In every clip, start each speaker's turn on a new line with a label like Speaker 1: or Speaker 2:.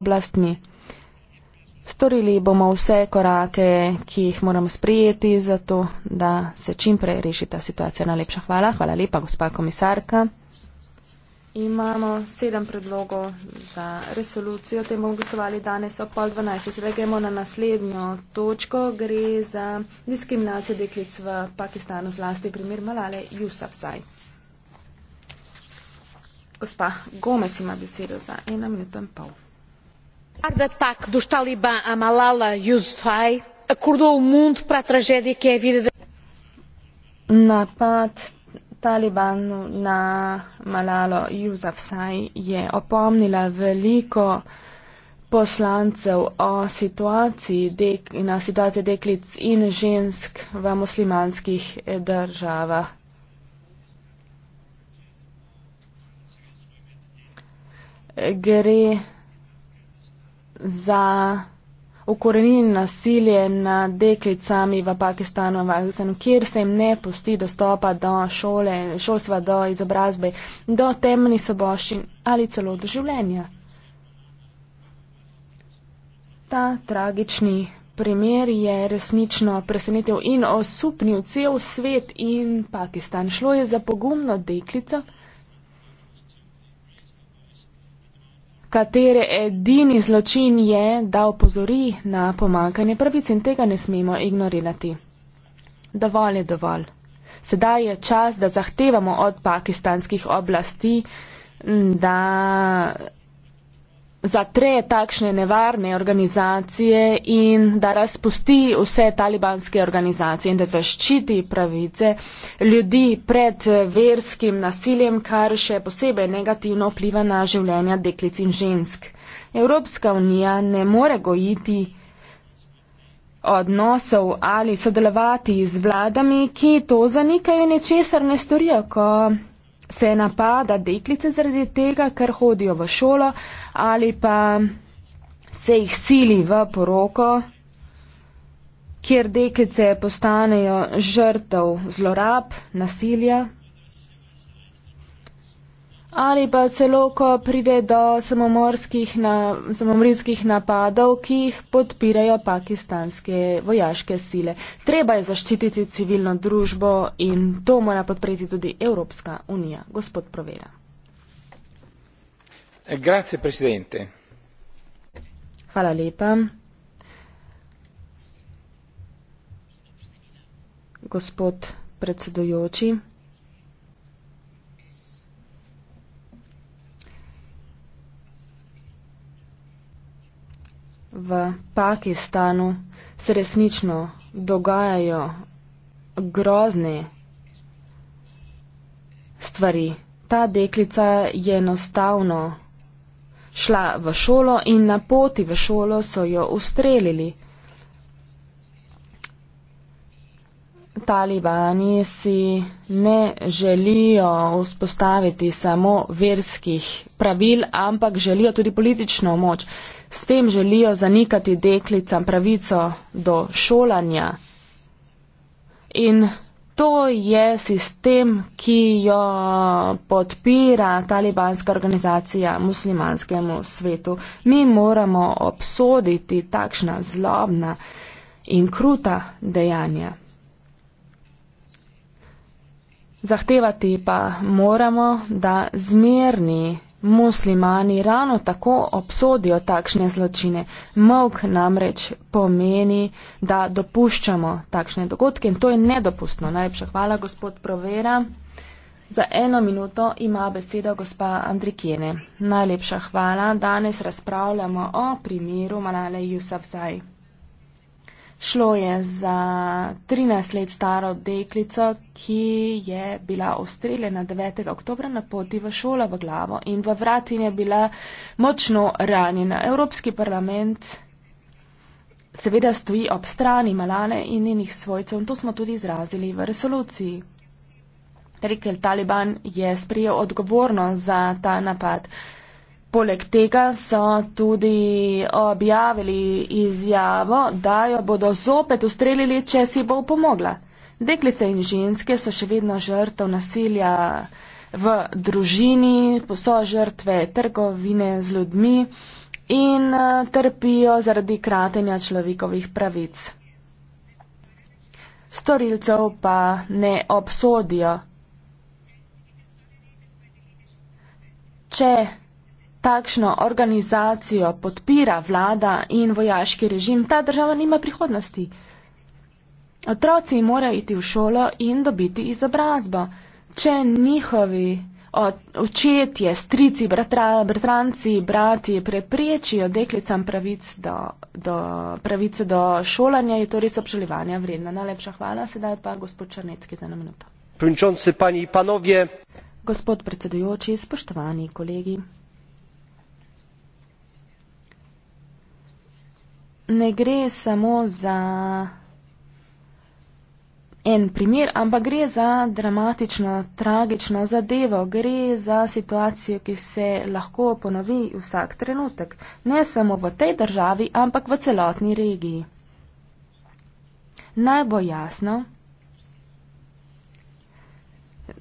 Speaker 1: oblastmi. Storili bomo vse korake, ki jih moramo sprijeti, zato da se čim prej reši ta situacija. Najlepša hvala. Hvala lepa, gospa komisarka. Imamo sedem predlogov za resolucijo, tem bomo glasovali danes ob pol dvanajst. Zdaj gremo na naslednjo točko. Gre za diskriminacijo deklic v Pakistanu, zlasti primer Malale Jusafzaj. Gospa Gomez ima besedo za eno minuto in pol apesar do ataque dos talibã a Malala Yousafzai, acordou o mundo para a
Speaker 2: tragédia que é a vida da...
Speaker 1: Napad talibanu na Malala Yousafzai je opomnila veliko poslancev o situaciji dek, na situaciji deklic in žensk v muslimanskih državah. Gre za ukorenjen nasilje nad deklicami v Pakistanu, v Afganistanu, kjer se jim ne pusti dostopa do šole, šolstva, do izobrazbe, do temni soboščin ali celo do življenja. Ta tragični primer je resnično presenetil in osupnil cel svet in Pakistan. Šlo je za pogumno deklico. katere edini zločin je, da opozori na pomankanje pravic in tega ne smemo ignorirati. Dovolj je dovolj. Sedaj je čas, da zahtevamo od pakistanskih oblasti, da zatre takšne nevarne organizacije in da razpusti vse talibanske organizacije in da zaščiti pravice ljudi pred verskim nasiljem, kar še posebej negativno vpliva na življenja deklic in žensk. Evropska unija ne more gojiti odnosov ali sodelovati z vladami, ki to zanikajo in ničesar ne storijo, ko se napada deklice zaradi tega, ker hodijo v šolo ali pa se jih sili v poroko, kjer deklice postanejo žrtev zlorab, nasilja, ali pa celo, ko pride do samomorskih na, napadov, ki jih podpirajo pakistanske vojaške sile. Treba je zaščititi civilno družbo in to mora podpreti tudi Evropska unija. Gospod Provera. Eh, grazie, presidente. Hvala lepa. Gospod predsedujoči. v Pakistanu se resnično dogajajo grozne stvari. Ta deklica je enostavno šla v šolo in na poti v šolo so jo ustrelili. talibani si ne želijo vzpostaviti samo verskih pravil, ampak želijo tudi politično moč. S tem želijo zanikati deklicam pravico do šolanja. In to je sistem, ki jo podpira talibanska organizacija muslimanskemu svetu. Mi moramo obsoditi takšna zlobna in kruta dejanja. Zahtevati pa moramo, da zmerni muslimani ravno tako obsodijo takšne zločine. Mok namreč pomeni, da dopuščamo takšne dogodke in to je nedopustno. Najlepša hvala, gospod Provera. Za eno minuto ima besedo gospa Andrikene. Najlepša hvala. Danes razpravljamo o primeru Manale Jusafzaj. Šlo je za 13 let staro deklico, ki je bila ostreljena 9. oktober na poti v šolo v glavo in v vratin je bila močno ranjena. Evropski parlament seveda stoji ob strani Malane in njenih svojcev in to smo tudi izrazili v resoluciji. Rekel Taliban je sprijel odgovornost za ta napad. Poleg tega so tudi objavili izjavo, da jo bodo zopet ustrelili, če si bo pomogla. Deklice in ženske so še vedno žrtev nasilja v družini, so žrtve trgovine z ljudmi in eh, trpijo zaradi kratenja človekovih pravic. Storilcev pa ne obsodijo. Če takšno organizacijo podpira vlada in vojaški režim, ta država nima prihodnosti. Otroci morajo iti v šolo in dobiti izobrazbo. Če njihovi očetje, strici, bratra, bratranci, brati preprečijo deklicam pravic do, do, pravice do šolanja, je to res obžalovanja vredno. Najlepša hvala. Sedaj pa gospod Črnecki za eno minuto. Gospod predsedujoči, spoštovani kolegi. ne gre samo za en primer, ampak gre za dramatično, tragično zadevo. Gre za situacijo, ki se lahko ponovi vsak trenutek. Ne samo v tej državi, ampak v celotni regiji. Naj bo jasno,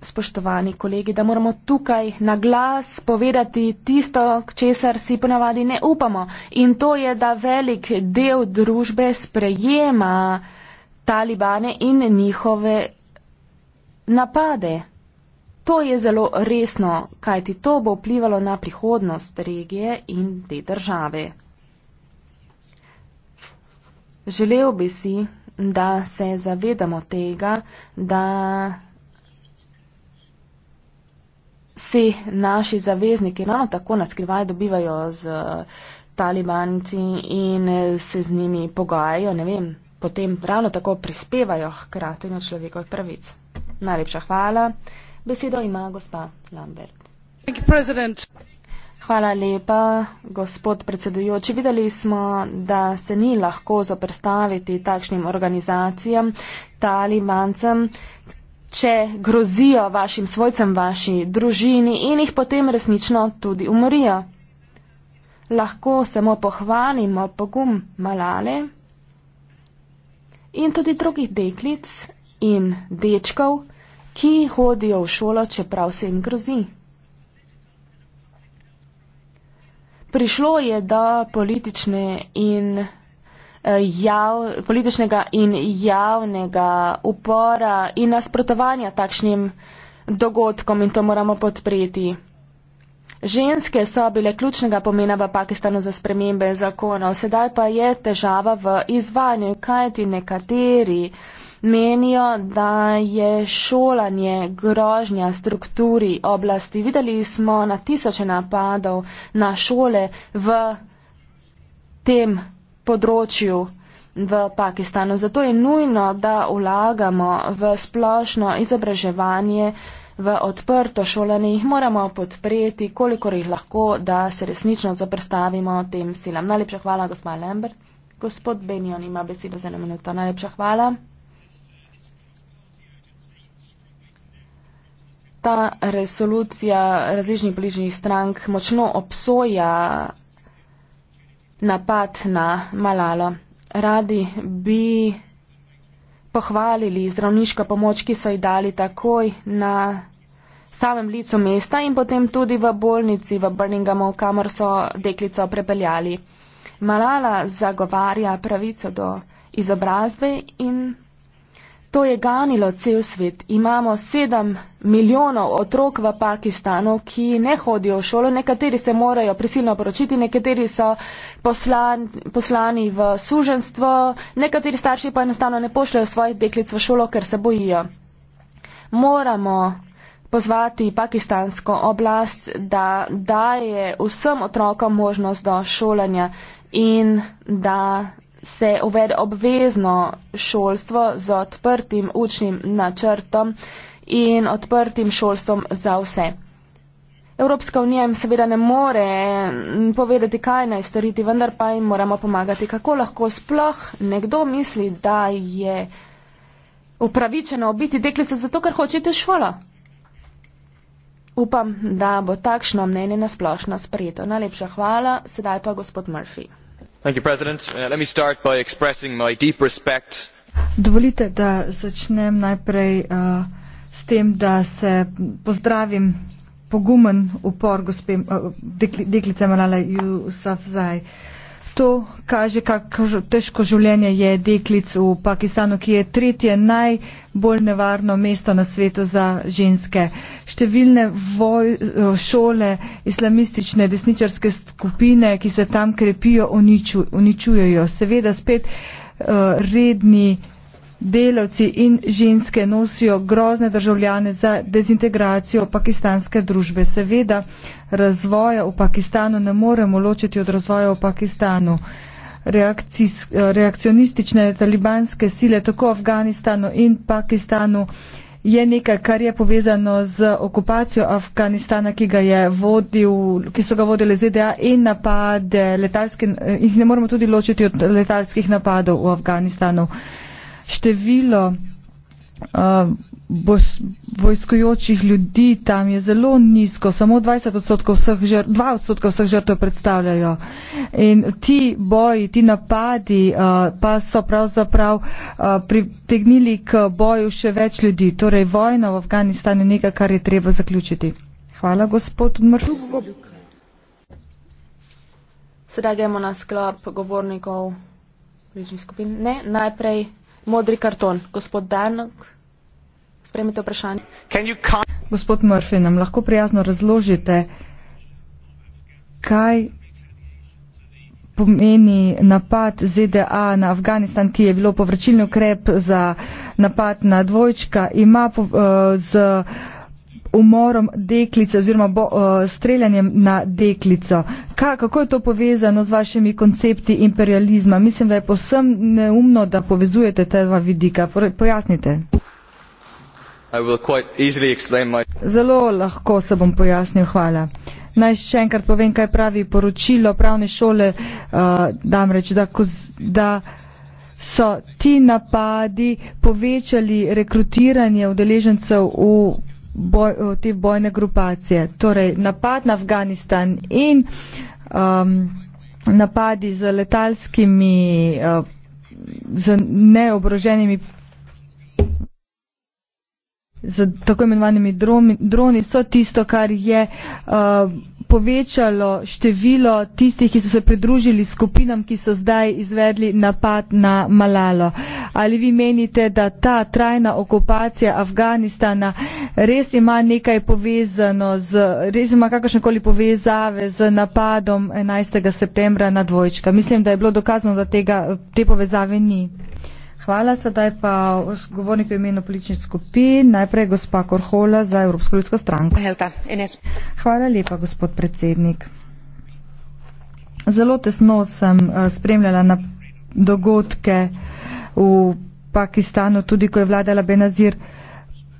Speaker 1: spoštovani kolegi, da moramo tukaj na glas povedati tisto, česar si ponavadi ne upamo. In to je, da velik del družbe sprejema talibane in njihove napade. To je zelo resno, kajti to bo vplivalo na prihodnost regije in te države. Želel bi si, da se zavedamo tega, da vsi naši zavezniki ravno tako na skrivaj dobivajo z eh, talibanci in eh, se z njimi pogajajo, ne vem, potem ravno tako prispevajo k kratenju človekovih pravic. Najlepša hvala. Besedo ima gospa Lambert. Hvala lepa, gospod predsedujoči. Videli smo, da se ni lahko zoprstaviti takšnim organizacijam, talibancem če grozijo vašim svojcem, vaši družini in jih potem resnično tudi umorijo. Lahko samo pohvalimo pogum Malale in tudi drugih deklic in dečkov, ki hodijo v šolo, čeprav se jim grozi. Prišlo je do politične in jav, političnega in javnega upora in nasprotovanja takšnim dogodkom in to moramo podpreti. Ženske so bile ključnega pomena v Pakistanu za spremembe zakonov, sedaj pa je težava v izvanju, kajti nekateri menijo, da je šolanje grožnja strukturi oblasti. Videli smo na tisoče napadov na šole v tem področju v Pakistanu. Zato je nujno, da vlagamo v splošno izobraževanje, v odprto šolanje. Jih moramo podpreti, kolikor jih lahko, da se resnično zaprstavimo tem silam. Najlepša hvala, gospa Lambert. Gospod Benjon ima besedo za eno minuto. Najlepša hvala. Ta resolucija različnih bližnjih strank močno obsoja napad na Malalo. Radi bi pohvalili zdravniško pomoč, ki so ji dali takoj na samem licu mesta in potem tudi v bolnici v Birminghamu, kamor so deklico prepeljali. Malala zagovarja pravico do izobrazbe in To je ganilo cel svet. Imamo sedem milijonov otrok v Pakistanu, ki ne hodijo v šolo, nekateri se morajo prisilno poročiti, nekateri so poslan, poslani v suženstvo, nekateri starši pa enostavno ne pošljajo svojih deklic v šolo, ker se bojijo. Moramo pozvati pakistansko oblast, da daje vsem otrokom možnost do šolanja in da se uvede obvezno šolstvo z odprtim učnim načrtom in odprtim šolstvom za vse. Evropska unija jim seveda ne more povedati, kaj naj storiti, vendar pa jim moramo pomagati. Kako lahko sploh nekdo misli, da je upravičeno biti deklica zato, ker hočete šolo? Upam, da bo takšno mnenje nasplošno sprejeto. Najlepša hvala, sedaj pa gospod Murphy.
Speaker 2: Uh, Dovolite, da začnem najprej uh, s tem, da se pozdravim pogumen upor gospe, uh, deklice Malala Jusafzaj. Uh, To kaže, kako težko življenje je deklic v Pakistanu, ki je tretje najbolj nevarno mesto na svetu za ženske. Številne voj, šole, islamistične, desničarske skupine, ki se tam krepijo, uničujejo. Seveda spet uh, redni delavci in ženske nosijo grozne državljane za dezintegracijo pakistanske družbe. Seveda razvoja v Pakistanu ne moremo ločiti od razvoja v Pakistanu. Reakcionistične talibanske sile tako v Afganistanu in Pakistanu je nekaj, kar je povezano z okupacijo Afganistana, ki, vodil, ki so ga vodile ZDA in napade letalske, jih ne moremo tudi ločiti od letalskih napadov v Afganistanu. Uh, število uh, bos, vojskojočih ljudi tam je zelo nizko, samo 20 odstotkov vseh žrtv, 2 odstotkov vseh žrtv predstavljajo. In ti boji, ti napadi uh, pa so pravzaprav uh, pritegnili k boju še več ljudi. Torej vojna v Afganistanu je nekaj, kar je treba zaključiti. Hvala, gospod Mrtuk.
Speaker 1: Sedaj gremo na sklop govornikov. Ne, najprej modri karton. Gospod Danok, spremite vprašanje.
Speaker 2: Gospod Murphy, nam lahko prijazno razložite, kaj pomeni napad ZDA na Afganistan, ki je bilo povračilni ukrep za napad na dvojčka, ima po, uh, z umorom deklice oziroma bo, uh, streljanjem na deklico. Ka, kako je to povezano z vašimi koncepti imperializma? Mislim, da je posem neumno, da povezujete te dva vidika. Pojasnite. Zelo lahko se bom pojasnil, hvala. Naj še enkrat povem, kaj pravi poročilo pravne šole, uh, eh, damreč, da, koz, da so ti napadi povečali rekrutiranje udeležencev v boj, eh, te bojne grupacije. Torej, napad na Afganistan in um, napadi z letalskimi, uh, z neobroženimi, z tako imenovanimi droni, droni so tisto, kar je. Uh, povečalo število tistih, ki so se pridružili skupinam, ki so zdaj izvedli napad na Malalo. Ali vi menite, da ta trajna okupacija Afganistana res ima nekaj povezano, z, res ima kakršnekoli povezave z napadom 11. septembra na dvojčka? Mislim, da je bilo dokazano, da tega, te povezave ni. Hvala, sedaj pa govornik v imenu politične skupine, najprej gospa Korhola za Evropsko ljudsko stranko. Hvala lepa, gospod predsednik. Zelo tesno sem eh, spremljala na dogodke v Pakistanu, tudi ko je vladala Benazir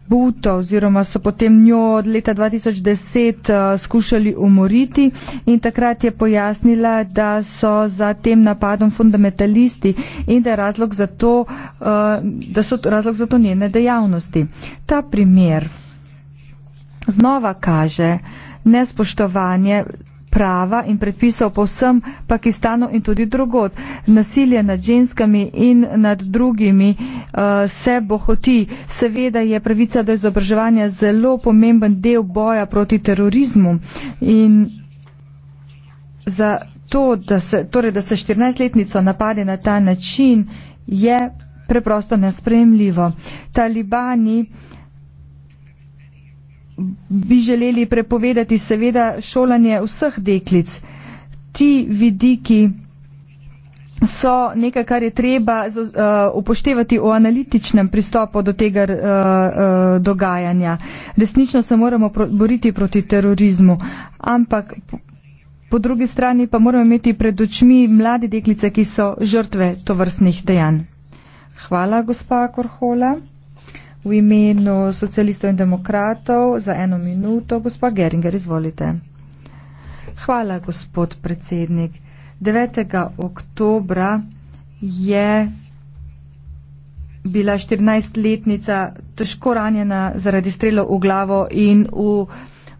Speaker 2: buto oziroma so potem njo od leta 2010 uh, eh, skušali umoriti in takrat je pojasnila, da so za tem napadom fundamentalisti in da, razlog za to, uh, da so razlog za to njene dejavnosti. Ta primer znova kaže nespoštovanje prava in predpisov po vsem Pakistanu in tudi drugod. Nasilje nad ženskami in nad drugimi uh, se bohoti. Seveda je pravica do izobraževanja zelo pomemben del boja proti terorizmu. In za to, da se, torej, da se 14-letnico napade na ta način, je preprosto nespremljivo. Talibani bi želeli prepovedati seveda šolanje vseh deklic. Ti vidiki so nekaj, kar je treba uh, upoštevati v analitičnem pristopu do tega uh, uh, dogajanja. Resnično se moramo pro boriti proti terorizmu, ampak po drugi strani pa moramo imeti pred očmi mlade deklice, ki so žrtve tovrstnih dejanj. Hvala, gospa Korhola. V imenu socialistov in demokratov za eno minuto, gospod Geringer, izvolite. Hvala, gospod predsednik. 9. oktobra je bila 14-letnica težko ranjena zaradi strela v glavo in v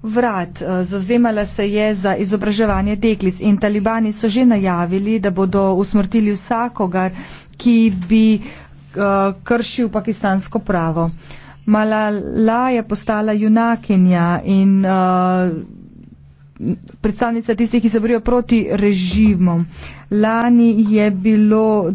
Speaker 2: vrat. Zavzemala se je za izobraževanje deklic in talibani so že najavili, da bodo usmrtili vsakogar, ki bi uh, Eh, kršil pakistansko pravo. Malala je postala junakinja in uh, predstavnica tistih, ki se borijo proti režimom. Lani je bilo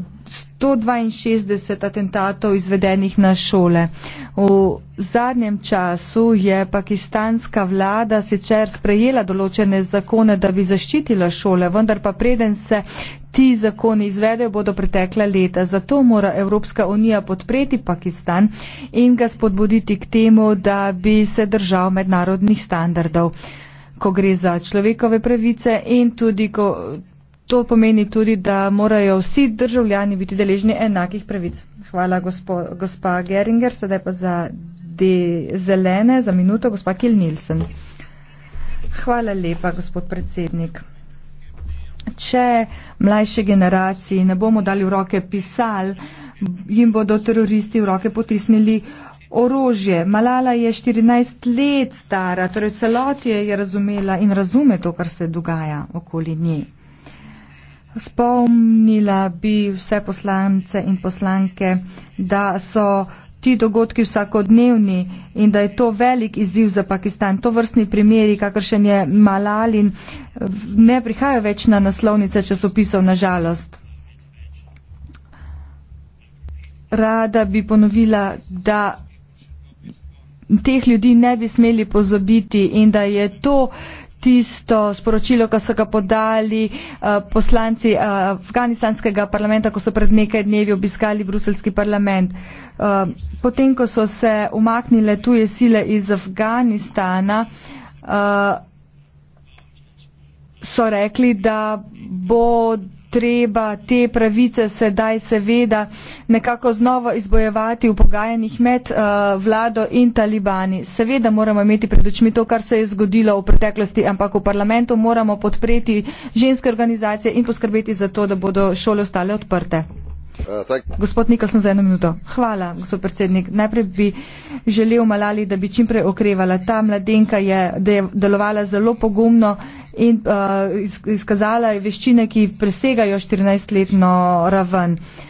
Speaker 2: 162 atentatov izvedenih na šole. V zadnjem času je pakistanska vlada sicer sprejela določene zakone, da bi zaščitila šole, vendar pa preden se ti zakoni izvedejo, bodo pretekla leta. Zato mora Evropska unija podpreti Pakistan in ga spodbuditi k temu, da bi se držal mednarodnih standardov, ko gre za človekove pravice in tudi, ko to pomeni tudi, da morajo vsi državljani biti deležni enakih pravic. Hvala, gospo, gospa Geringer. Sedaj pa za te zelene, za minuto, gospa Kil Nilsen. Hvala lepa, gospod predsednik če mlajše generacije ne bomo dali v roke pisal, jim bodo teroristi v roke potisnili orožje. Malala je 14 let stara, torej celotje je razumela in razume to, kar se dogaja okoli nje. Spomnila bi vse poslance in poslanke, da so ti dogodki vsakodnevni in da je to velik izziv za Pakistan. To vrstni primeri, kakršen je Malalin, ne prihajajo več na naslovnice časopisov, na žalost. Rada bi ponovila, da teh ljudi ne bi smeli pozabiti in da je to tisto sporočilo, ko so ga podali eh, poslanci eh, afganistanskega parlamenta, ko so pred nekaj dnevi obiskali bruselski parlament. Eh, potem, ko so se umaknile tuje sile iz Afganistana, so rekli, da bodo treba te pravice sedaj seveda nekako znova izbojevati v pogajanjih med uh, vlado in talibani. Seveda moramo imeti pred očmi to, kar se je zgodilo v preteklosti, ampak v parlamentu moramo podpreti ženske organizacije in poskrbeti za to, da bodo šole ostale odprte. Uh, gospod Nikolson, za eno minuto. Hvala, gospod predsednik. Najprej bi želel Malali, da bi čimprej okrevala. Ta mladenka je delovala zelo pogumno in uh, izkazala veščine, ki presegajo 14-letno raven. Uh,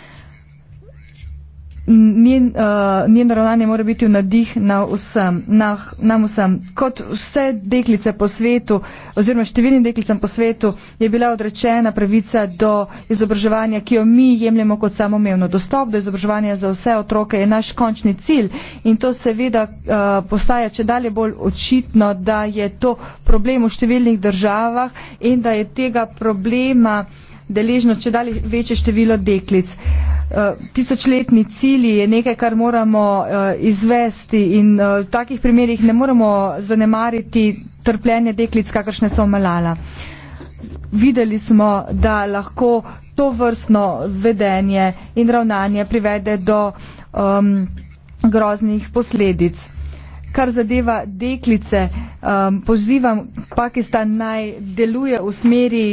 Speaker 2: njen, uh, njen ravnanje mora biti v nadih na vsem, na, nam vsem. Kot vse deklice po svetu, oziroma številnim deklicam po svetu, je bila odrečena pravica do izobraževanja, ki jo mi jemljemo kot samomevno. Dostop do izobraževanja za vse otroke je naš končni cilj in to seveda uh, postaja če dalje bolj očitno, da je to problem v številnih državah in da je tega problema deležno če dali večje število deklic. Eh, tisočletni cilji je nekaj, kar moramo eh, izvesti in eh, v takih primerjih ne moremo zanemariti trpljenje deklic, kakršne so malala. Videli smo, da lahko to vrstno vedenje in ravnanje privede do um, groznih posledic. Kar zadeva deklice, um, pozivam Pakistan naj deluje v smeri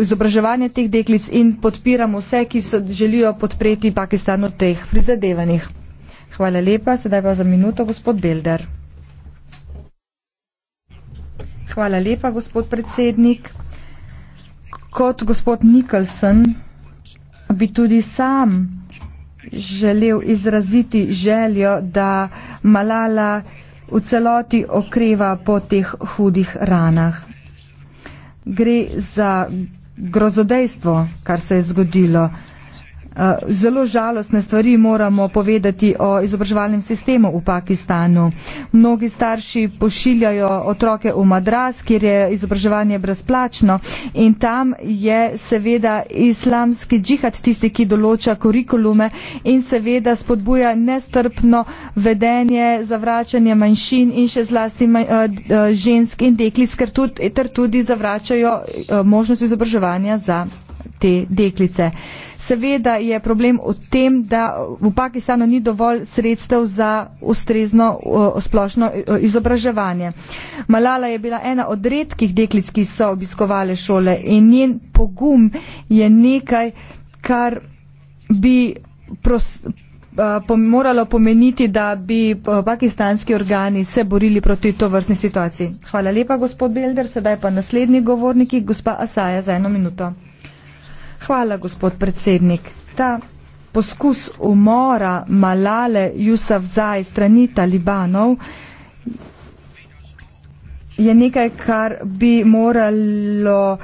Speaker 2: izobraževanje teh deklic in podpiramo vse, ki so, želijo podpreti Pakistan v teh prizadevanjih. Hvala lepa, sedaj pa za minuto gospod Belder. Hvala lepa, gospod predsednik. Kot gospod Nikolson bi tudi sam želel izraziti željo, da Malala v celoti okreva po teh hudih ranah gre za grozodejstvo, kar se je zgodilo zelo žalostne stvari moramo povedati o izobraževalnem sistemu v Pakistanu. Mnogi starši pošiljajo otroke v Madras, kjer je izobraževanje brezplačno in tam je seveda islamski džihad tisti, ki določa kurikulume in seveda spodbuja nestrpno vedenje, zavračanje manjšin in še zlasti žensk in deklic, ker tudi, ter tudi zavračajo možnost izobraževanja za te deklice. Seveda je problem v tem, da v Pakistanu ni dovolj sredstev za ustrezno splošno izobraževanje. Malala je bila ena od redkih deklic, ki so obiskovali šole in njen pogum je nekaj, kar bi pros, pa, moralo pomeniti, da bi pakistanski organi se borili proti to vrstni situaciji. Hvala lepa, gospod Belder. Sedaj pa naslednji govorniki, gospa Asaja, za eno minuto. Hvala, gospod predsednik. Ta poskus umora Malale Jusafzaj strani talibanov je nekaj, kar bi moralo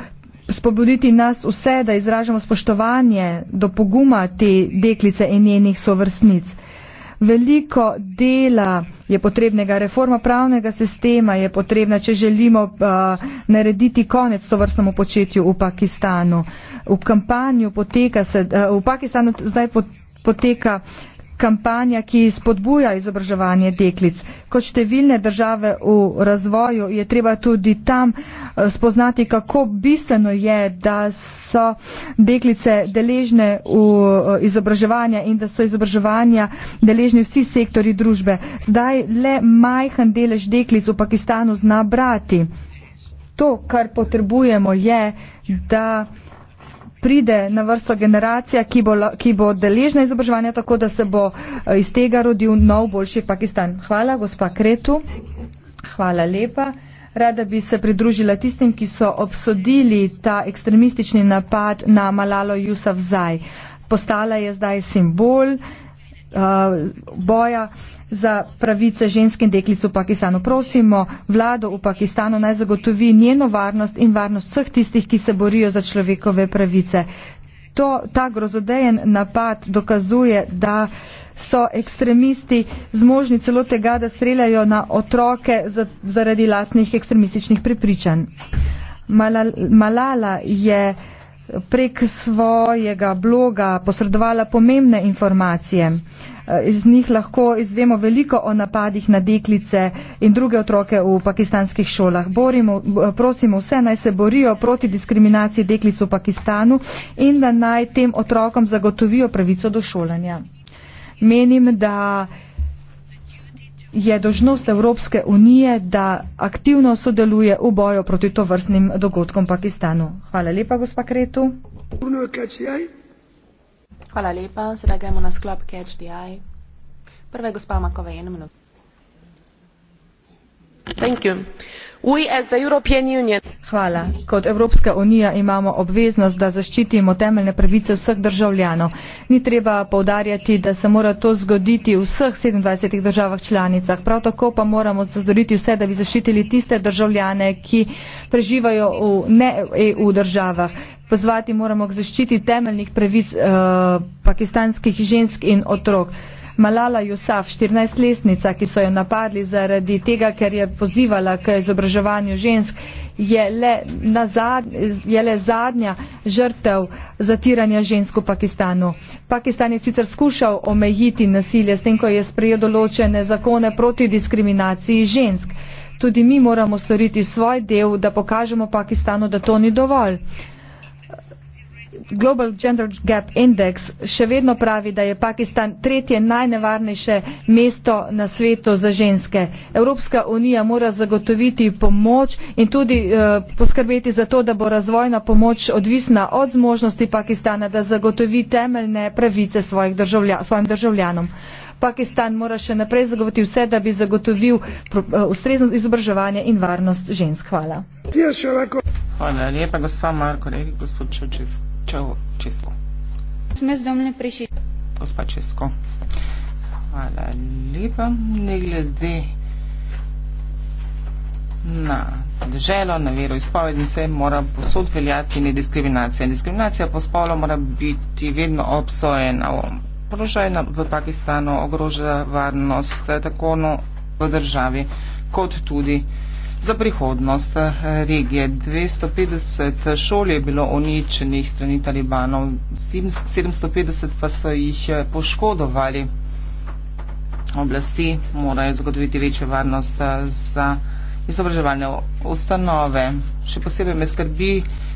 Speaker 2: spobuditi nas vse, da izražamo spoštovanje do poguma te deklice in njenih sovrstnic veliko dela je potrebnega, reforma pravnega sistema je potrebna, če želimo uh, narediti konec to vrstnemu početju v Pakistanu. V kampanju poteka se, uh, v Pakistanu zdaj poteka kampanja, ki spodbuja izobraževanje deklic. Kot številne države v razvoju je treba tudi tam eh, spoznati, kako bistveno je, da so deklice deležne v eh, izobraževanja in da so izobraževanja deležni vsi sektori družbe. Zdaj le majhen delež deklic v Pakistanu zna brati. To, kar potrebujemo, je, da pride na vrsto generacija, ki bo, ki bo deležna izobraževanja, tako da se bo eh, iz tega rodil nov boljši Pakistan. Hvala, gospa Kretu. Hvala lepa. Rada bi se pridružila tistim, ki so obsodili ta ekstremistični napad na Malalo Jusaf Zaj. Postala je zdaj simbol uh, boja za pravice ženske in deklice v Pakistanu. Prosimo vlado v Pakistanu naj zagotovi njeno varnost in varnost vseh tistih, ki se borijo za človekove pravice. To, ta grozodejen napad dokazuje, da so ekstremisti zmožni celo tega, da streljajo na otroke za, zaradi lastnih ekstremističnih prepričanj. Malala je prek svojega bloga posredovala pomembne informacije. Uh, Eh, iz njih lahko izvemo veliko o napadih na deklice in druge otroke v pakistanskih šolah. Borimo, eh, prosimo vse naj se borijo proti diskriminaciji deklic v Pakistanu in da naj tem otrokom zagotovijo pravico do šolanja. Menim, da je dožnost Evropske unije, da aktivno sodeluje v boju proti tovrstnim dogodkom v Pakistanu. Hvala lepa, gospa Kretu.
Speaker 1: Hvala lepa. Sedaj gremo na sklop Catch the Eye. Prva je gospa Makovej.
Speaker 2: Thank you. Hvala. Kot Evropska unija imamo obveznost, da zaščitimo temeljne pravice vseh državljanov. Ni treba povdarjati, da se mora to zgoditi v vseh 27 državah članicah. Prav tako pa moramo zdoriti vse, da bi zaščitili tiste državljane, ki preživajo v ne-EU državah. Pozvati moramo k zaščiti temeljnih pravic uh, pakistanskih žensk in otrok. Malala Yousaf, 14-letnica, ki so jo napadli zaradi tega, ker je pozivala k izobraževanju žensk, je le, zad, je le zadnja žrtev zatiranja žensk v Pakistanu. Pakistan je sicer skušal omejiti nasilje s tem, ko je sprejel določene zakone proti diskriminaciji žensk. Tudi mi moramo storiti svoj del, da pokažemo Pakistanu, da to ni dovolj. Global Gender Gap Index še vedno pravi, da je Pakistan tretje najnevarnejše mesto na svetu za ženske. Evropska unija mora zagotoviti pomoč in tudi eh, poskrbeti za to, da bo razvojna pomoč odvisna od zmožnosti Pakistana, da zagotovi temeljne pravice svojih državlja, svojim državljanom. Pakistan mora še naprej zagotoviti vse, da bi zagotovil eh, ustrezno izobraževanje in varnost žensk.
Speaker 3: Hvala. Hvala lepa, gospod Marko, rekel gospod Čočesko. Ceaucescu.
Speaker 1: Mulțumesc, domnule președinte.
Speaker 3: Ospacescu. Hvala lepa. Ne glede na drželo, na vero izpovedi se mora posod veljati nediskriminacija. Diskriminacija po spolu mora biti vedno obsojena. Položaj v Pakistanu ogroža varnost tako no, v državi kot tudi v za prihodnost eh, regije. 250 šol je bilo uničenih strani talibanov, 750 pa so jih eh, poškodovali. Oblasti morajo zagotoviti večjo varnost eh, za prihodnost izobraževalne ustanove. Še posebej me skrbi,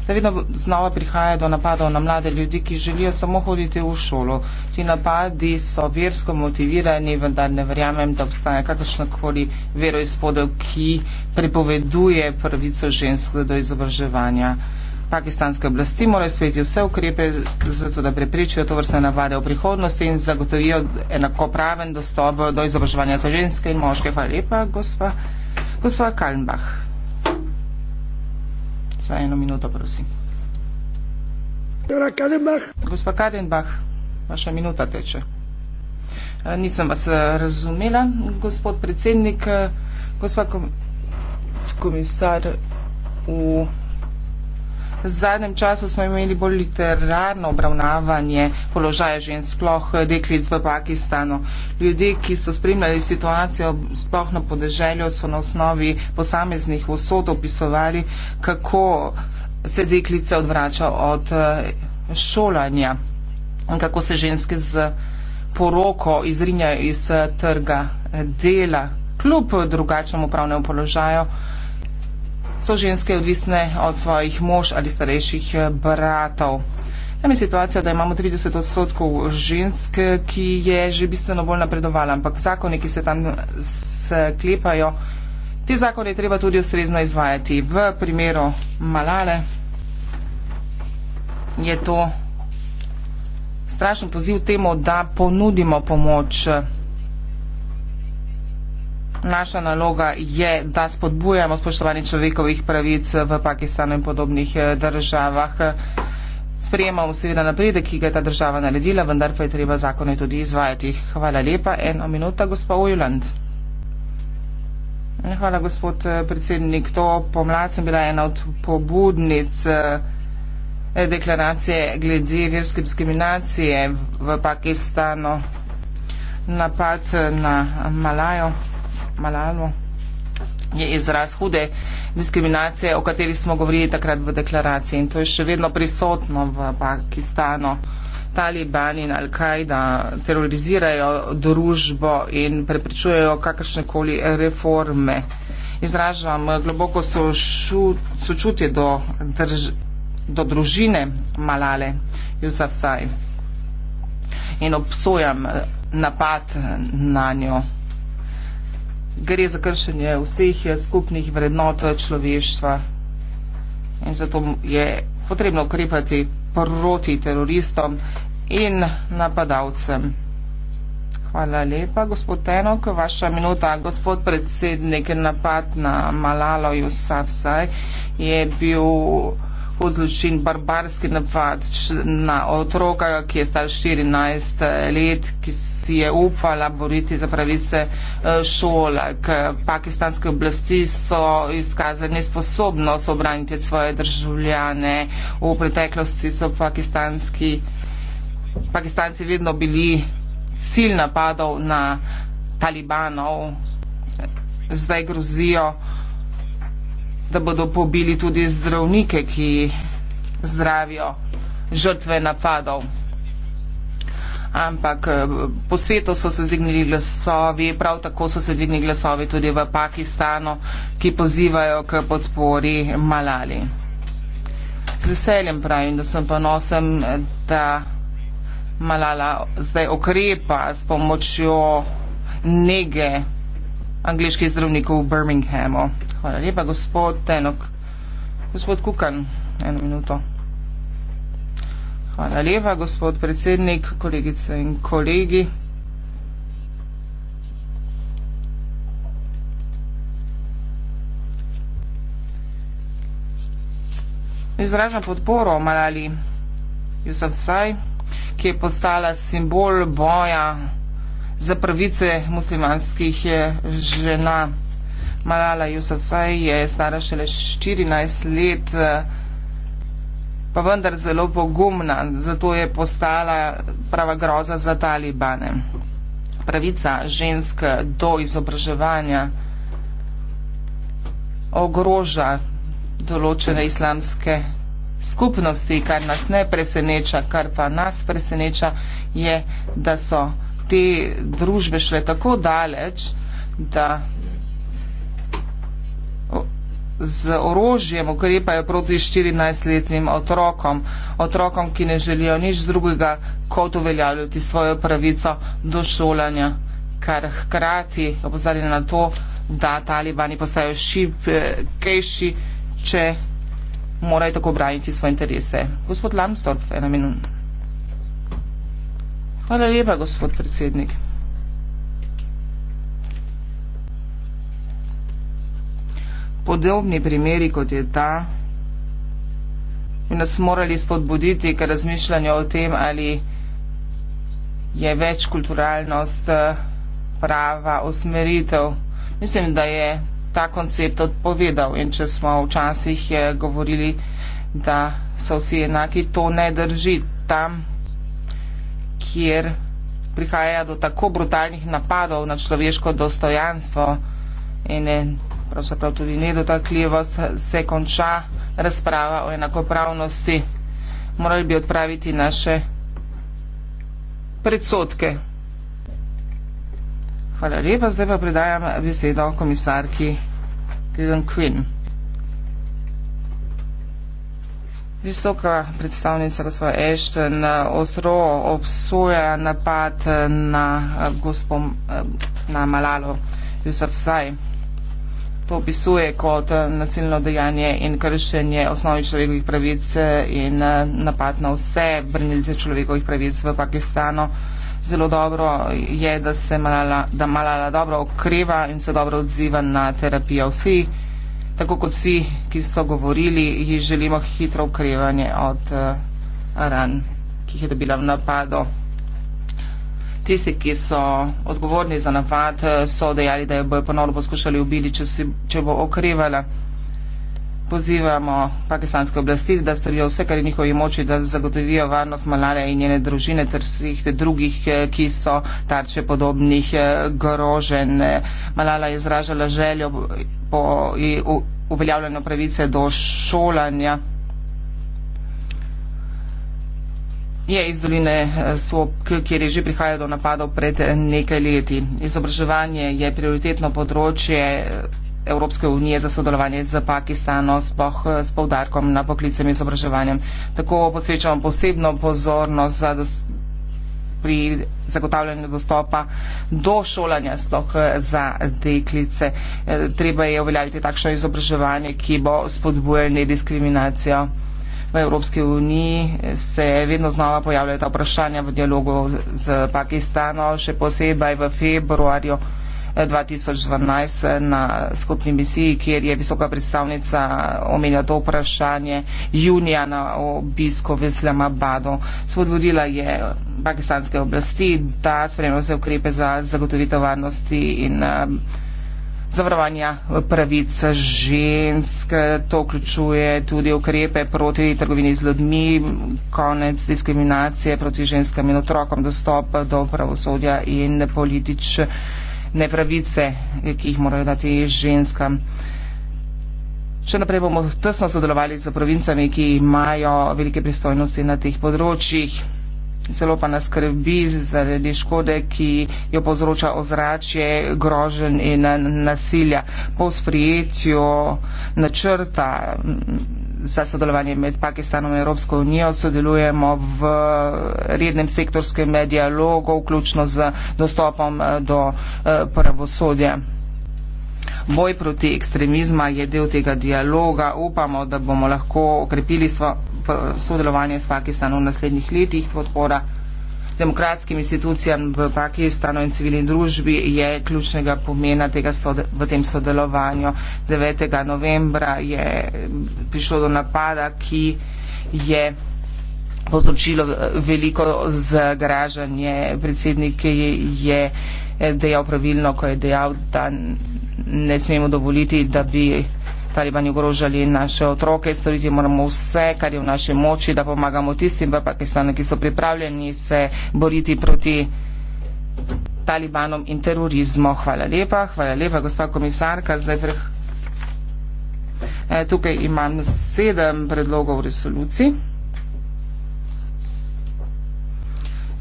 Speaker 3: da vedno znova prihaja do napadov na mlade ljudi, ki želijo samo hoditi v šolo. Ti napadi so versko motivirani, vendar ne verjamem, da obstaja kakršnakoli veroizpodel, ki prepoveduje pravico žensk do izobraževanja. Pakistanske oblasti morajo sprejeti vse ukrepe, zato da preprečijo to vrstne navade v prihodnosti in zagotovijo enakopraven dostop do izobraževanja za ženske in moške. Hvala lepa, gospa. Gospod Kalmbach, za eno minuto, prosim. Gospod Kadenbach, vaša minuta teče. Eh, nisem vas eh, razumela, gospod predsednik, eh, gospod komisar v V zadnjem času smo imeli bolj literarno obravnavanje položaja žen, sploh deklic v Pakistanu. Ljudje, ki so spremljali situacijo sploh na podeželju, so na osnovi posameznih vsod opisovali, kako se deklice odvrača od eh, šolanja in kako se ženske z poroko izrinjajo iz eh, trga dela, kljub drugačnemu pravnemu položaju so ženske odvisne od svojih mož ali starejših eh, bratov. Nam je situacija, da imamo 30 odstotkov žensk, ki je že bistveno bolj napredovala, ampak zakoni, ki se tam sklepajo, te zakone je treba tudi ustrezno izvajati. V primeru Malale je to strašen poziv temu, da ponudimo pomoč. Naša naloga je, da spodbujamo spoštovanje človekovih pravic v Pakistanu in podobnih eh, državah. Sprejemamo seveda napredek, ki ga je ta država naredila, vendar pa je treba zakone tudi izvajati. Hvala lepa. Eno minuta, gospa Ujland. Hvala, gospod eh, predsednik. To pomlad sem bila ena od pobudnic eh, deklaracije glede verske diskriminacije v Pakistanu. Napad na Malajo. Malalo je izraz hude diskriminacije, o kateri smo govorili takrat v deklaraciji in to je še vedno prisotno v Pakistanu. Taliban in Al-Kaida terorizirajo družbo in preprečujejo kakršnekoli reforme. Izražam globoko sočutje do, drž, do družine Malale Jusafsaj in obsojam napad na njo gre za kršenje vseh skupnih vrednot človeštva. In zato je potrebno ukrepati proti teroristom in napadalcem. Hvala lepa, gospod Tenok. Vaša minuta, gospod predsednik, napad na Malalo Jusafsaj je bil hud zločin, barbarski napad na otroka, ki je star 14 eh, let, ki si je upala boriti za pravice eh, šola. Pakistanske oblasti so izkazali nesposobnost obraniti svoje državljane. V preteklosti so pakistanci vedno bili cilj napadov na talibanov. Zdaj grozijo da bodo pobili tudi zdravnike, ki zdravijo žrtve napadov. Ampak eh, po svetu so se zdignili glasovi, prav tako so se zdignili glasovi tudi v Pakistanu, ki pozivajo k podpori Malali. Z veseljem pravim, da sem ponosen, da Malala zdaj okrepa s pomočjo nege angliških zdravnikov v Birminghamu. Hvala lepa, gospod Tenok. Gospod Kukan, eno minuto. Hvala lepa, gospod predsednik, kolegice in kolegi. Izražam podporo Malali Jusafzaj, ki je postala simbol boja vsega, za pravice muslimanskih žena. Malala Jusafsaj je stara šele 14 let, pa vendar zelo pogumna, zato je postala prava groza za talibane. Pravica žensk do izobraževanja ogroža določene islamske skupnosti, kar nas ne preseneča, kar pa nas preseneča, je, da so vsega te družbe šle tako daleč, da z orožjem ukrepajo proti 14-letnim otrokom, otrokom, ki ne želijo nič drugega, kot uveljavljati svojo pravico do šolanja, kar hkrati opozarja na to, da talibani postajajo šipkejši, če morajo tako braniti svoje interese. Gospod Lamstorp, ena minuta. Hvala lepa, gospod predsednik. Podobni primeri, kot je ta, bi nas morali spodbuditi k razmišljanju o tem, ali je večkulturalnost eh, prava usmeritev. Mislim, da je ta koncept odpovedal in če smo včasih eh, govorili, da so vsi enaki, to ne drži tam kjer prihaja do tako brutalnih napadov na človeško dostojanstvo in pravzaprav tudi nedotakljivost, se konča razprava o enakopravnosti. Morali bi odpraviti naše predsotke. Hvala lepa, zdaj pa predajam besedo komisarki Gregan Quinn. Visoka predstavnica gospod Ashton eh, ostro obsoja napad eh, na eh, gospom na Malalo Jusafzaj. To opisuje kot nasilno dejanje in kršenje osnovnih človekovih pravic in napad na vse brnilce človekovih pravic v Pakistanu. Zelo dobro je, da se Malala, da Malala dobro okreva in se dobro odziva na terapijo. Vsi tako kot vsi, ki so govorili, ji želimo hitro ukrevanje od uh, ran, ki jih je dobila v napadu. Tisti, ki so odgovorni za napad, eh, so dejali, da jo bojo ponovno poskušali ubiti, če, če bo okrevala pozivamo pakistanske oblasti, da storijo vse, kar je njihovi moči, da zagotovijo varnost Malale in njene družine ter vseh drugih, eh, ki so tarče podobnih eh, grožen. Malala je izražala željo po uveljavljanju pravice do šolanja. Je iz doline eh, Sop, kjer je že prihajalo do napadov pred nekaj leti. Izobraževanje je prioritetno področje Evropske unije za sodelovanje z Pakistanom, spoh eh, s povdarkom na poklicem izobraževanjem. Tako posvečamo posebno pozornost za dos, pri zagotavljanju dostopa do šolanja, sploh eh, za deklice. Eh, treba je uveljaviti takšno izobraževanje, ki bo spodbujanje diskriminacijo. V Evropski uniji se vedno znova pojavljajo ta vprašanja v dialogu z Pakistanom, še posebej v februarju 2012 na skupni misiji, kjer je visoka predstavnica omenila to vprašanje junija na obisko v Islamabadu. Spodbudila je pakistanske oblasti, da spremljajo vse ukrepe za zagotovitev varnosti in um, zavarovanja pravic žensk. To vključuje tudi ukrepe proti trgovini z ljudmi, konec diskriminacije proti ženskam in otrokom, dostop do pravosodja in politične nepravice, ki jih morajo dati ženskam. Še naprej bomo tesno sodelovali z provincami, ki imajo velike pristojnosti na teh področjih. Zelo pa nas skrbi zaradi škode, ki jo povzroča ozračje, grožen in nasilja. Po sprijetju načrta za sodelovanje med Pakistanom in Evropsko unijo, sodelujemo v rednem sektorskem dialogu, vključno z dostopom eh, do eh, pravosodja. Boj proti ekstremizma je del tega dialoga. Upamo, da bomo lahko okrepili svo, sodelovanje s Pakistanom v naslednjih letih podpora demokratskim institucijam v Pakistanu in civilni družbi je ključnega pomena v tem sodelovanju. 9. novembra je prišlo do napada, ki je povzročilo eh, veliko zgražanje. Predsednik je, je eh, dejal pravilno, ko je dejal, da ne smemo dovoliti, da bi talibani ogrožali naše otroke, storiti moramo vse, kar je v naši moči, da pomagamo tistim v Pakistanu, ki so pripravljeni se boriti proti talibanom in terorizmu. Hvala lepa, hvala lepa, gospa komisarka. Zdaj, eh, tukaj imam sedem predlogov resoluciji.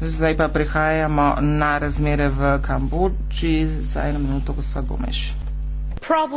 Speaker 3: Zdaj pa prihajamo na razmere v Kambodži. Za eno minuto, gospa Gomeš. Problem.